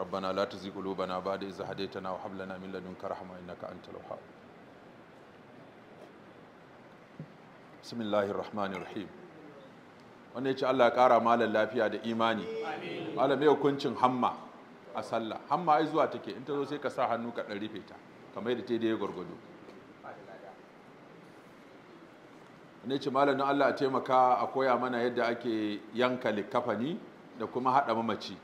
ربنا لا تزغ قلوبنا بعد إذ هديتنا وهب لنا من لدنك رحمة إنك أنت الوهاب بسم الله الرحمن الرحيم wanda ya ce Allah ya ƙara malar lafiya da imani malam yau kuncin hamma a sallah hamma ai zuwa take in ta zo sai ka sa hannu ka ɗan rufe ta kamar yadda ta yi gwargwado wanda ya ce malam na Allah ya taimaka a koya mana yadda ake yanka likafani da kuma haɗa mamaci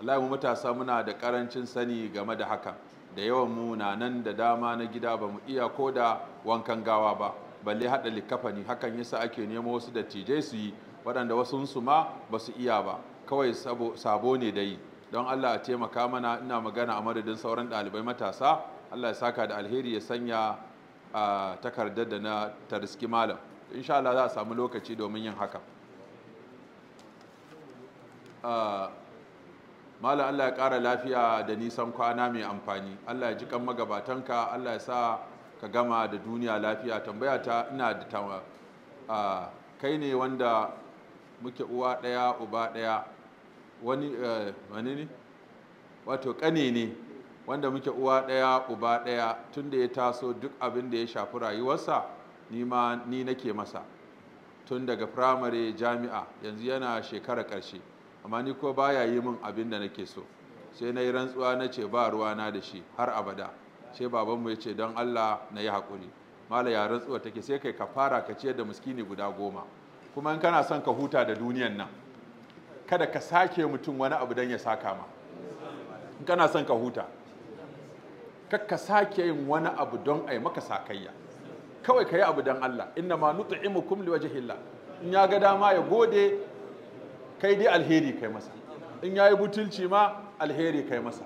Allah mu matasa muna da karancin sani game da haka da yawan mu na nan da dama na gida ba mu iya ko da wankan gawa ba balle haɗa likafani hakan yasa ake nemo wasu dattijai su yi waɗanda wasu su ma ba su iya ba kawai sabo ne da yi don Allah a taimaka mana ina magana a madadin sauran ɗalibai matasa Allah ya saka da alheri ya sanya a takardar da na tariski malam insha Allah za a samu lokaci domin yin haka malam Allah ya ƙara lafiya da nisan kwana mai amfani Allah ya ji kan magabatanka Allah ya sa ka gama da duniya lafiya tambaya ta ina da ta kai ne wanda muke uwa ɗaya uba ɗaya wani e, wani ne wato ƙane ne wanda muke uwa ɗaya uba ɗaya tun da ya taso duk abin da ya shafi rayuwarsa ni ma ni nake masa tun daga firamare jami'a yanzu yana shekara ƙarshe amma ni ko baya yi min abin da nake so sai na yi rantsuwa na ce ba ruwa na da shi har abada sai babanmu ya ce don Allah na yi haƙuri mala ya rantsuwa take sai kai ka fara ka ciyar da muskini guda goma kuma in kana son ka huta da duniyan nan kada ka sake mutum wani abu don ya saka ma in kana son ka huta ka sake yin wani abu don a yi maka sakayya kawai ka abu don Allah inna ma waje liwajhillah in ya ga dama ya gode kai dai alheri kai masa in ya yi butulci ma alheri kai masa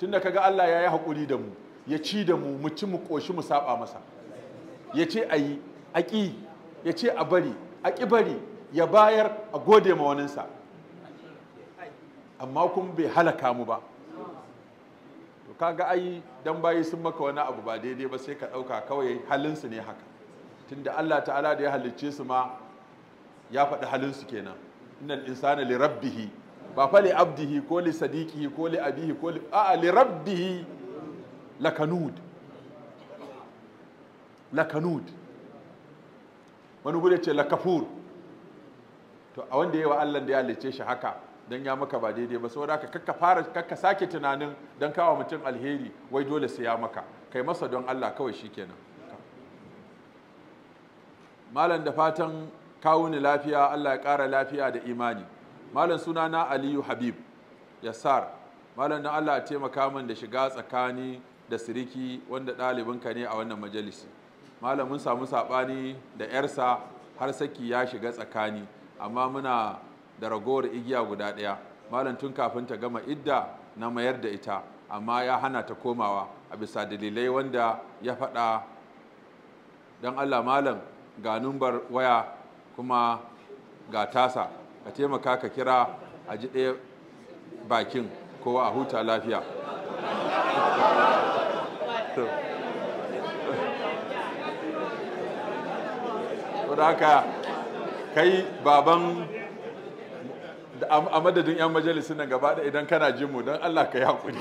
tunda ga Allah ya yi haƙuri da mu ya ci da mu mu ci mu ƙoshi mu saɓa masa ya ce a yi a ƙi ya ce a bari a ƙi bari ya bayar a gode ma waninsa amma kuma bai halaka mu ba to kaga ayi dan bayi sun maka wani abu ba daidai ba sai ka ɗauka kawai halinsu ne haka tunda Allah ta'ala da ya halicce su ma ya faɗi halinsu kenan innal insana li rabbihi ba fa li abdihi ko li sadiqihi ko li abihi ko li a li rabbih lakanud lakanud wani gure ce lakafur to a wanda yawa Allah da ya halice shi haka dan ya maka ba daidai ba saboda haka kakka fara kakka sake tunanin dan kawo mutum alheri wai dole sai ya maka kai masa don Allah kawai shikenan malam da fatan kawo ni lafiya Allah ya ƙara lafiya da imani malam suna na Aliyu Habib Yassar malam na Allah ya taimaka min da shiga tsakani da siriki wanda ɗalibinka ne a wannan majalisi malam mun samu saɓani da 'yarsa har saki ya shiga tsakani amma muna da ragowar igiya guda ɗaya malam tun kafin ta gama idda na mayar da ita amma ya hana ta komawa a bisa dalilai wanda ya faɗa don allah malam ga numbar waya kuma ga tasa ka taimaka ka kira a ji ɗaya bakin kowa a huta lafiya haka kai baban a madadin 'yan majalisun nan gaba da idan kana jin mu don Allah ka ya kuri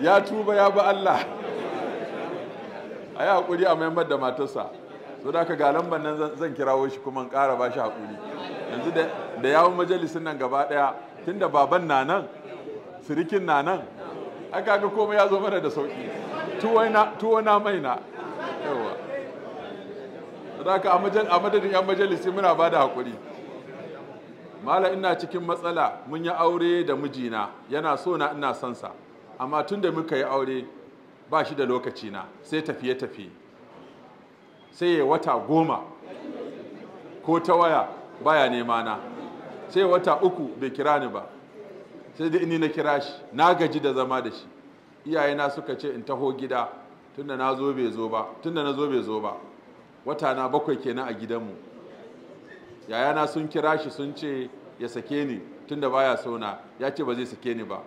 ya tuba ya ba Allah a yi haƙuri a maimar da matarsa so da ga lamban nan zan kirawo shi kuma ƙara ba shi haƙuri yanzu da yawon majalisun nan gaba ɗaya tunda baban na nan sirikin na nan an kaga komai ya zo mana da sauƙi tuwo na mai na yawa so da a madadin yan majalisi muna ba da haƙuri mala ina cikin matsala mun yi aure da mijina yana so na ina sansa amma tun da muka yi aure ba shi da lokaci na sai tafiye-tafiye sai ya wata goma ko ta waya baya nema na sai wata uku bai kira ni ba sai dai ni na kira shi na gaji da zama da shi iyayena suka ce in taho gida tunda na zo bai zo ba tunda na zo bai zo ba wata na bakwai kenan a gidanmu yayana sun kira shi sun ce ya sake ni tunda baya sona. ya ce ba zai sake ni ba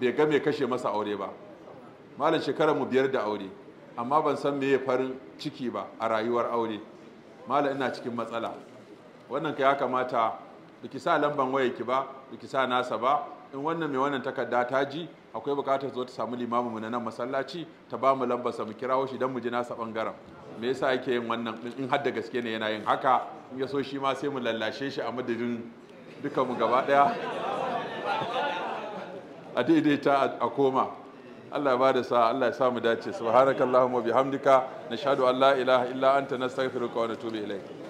bai ga mai kashe masa aure ba malam shekara mu biyar da aure amma ban san me meye farin ciki ba a rayuwar aure malam ina cikin matsala wannan ka ya kamata biki sa lamban waya ki ba biki sa nasa ba in wannan mai wannan takarda ta ji akwai bukatar zo ta samu limamu mu na nan masallaci ta ba mu lambar sa mu kira shi dan mu ji nasa bangaren me yasa yake yin wannan in har da gaske ne yana yin haka in ya so shi ma sai mu lallashe shi a madadin duka mu gaba daya a daidaita a koma Allah ba da sa Allah ya samu dace subhanakallahumma bihamdika nashhadu an la ilaha illa anta nastaghfiruka wa natubu ilai.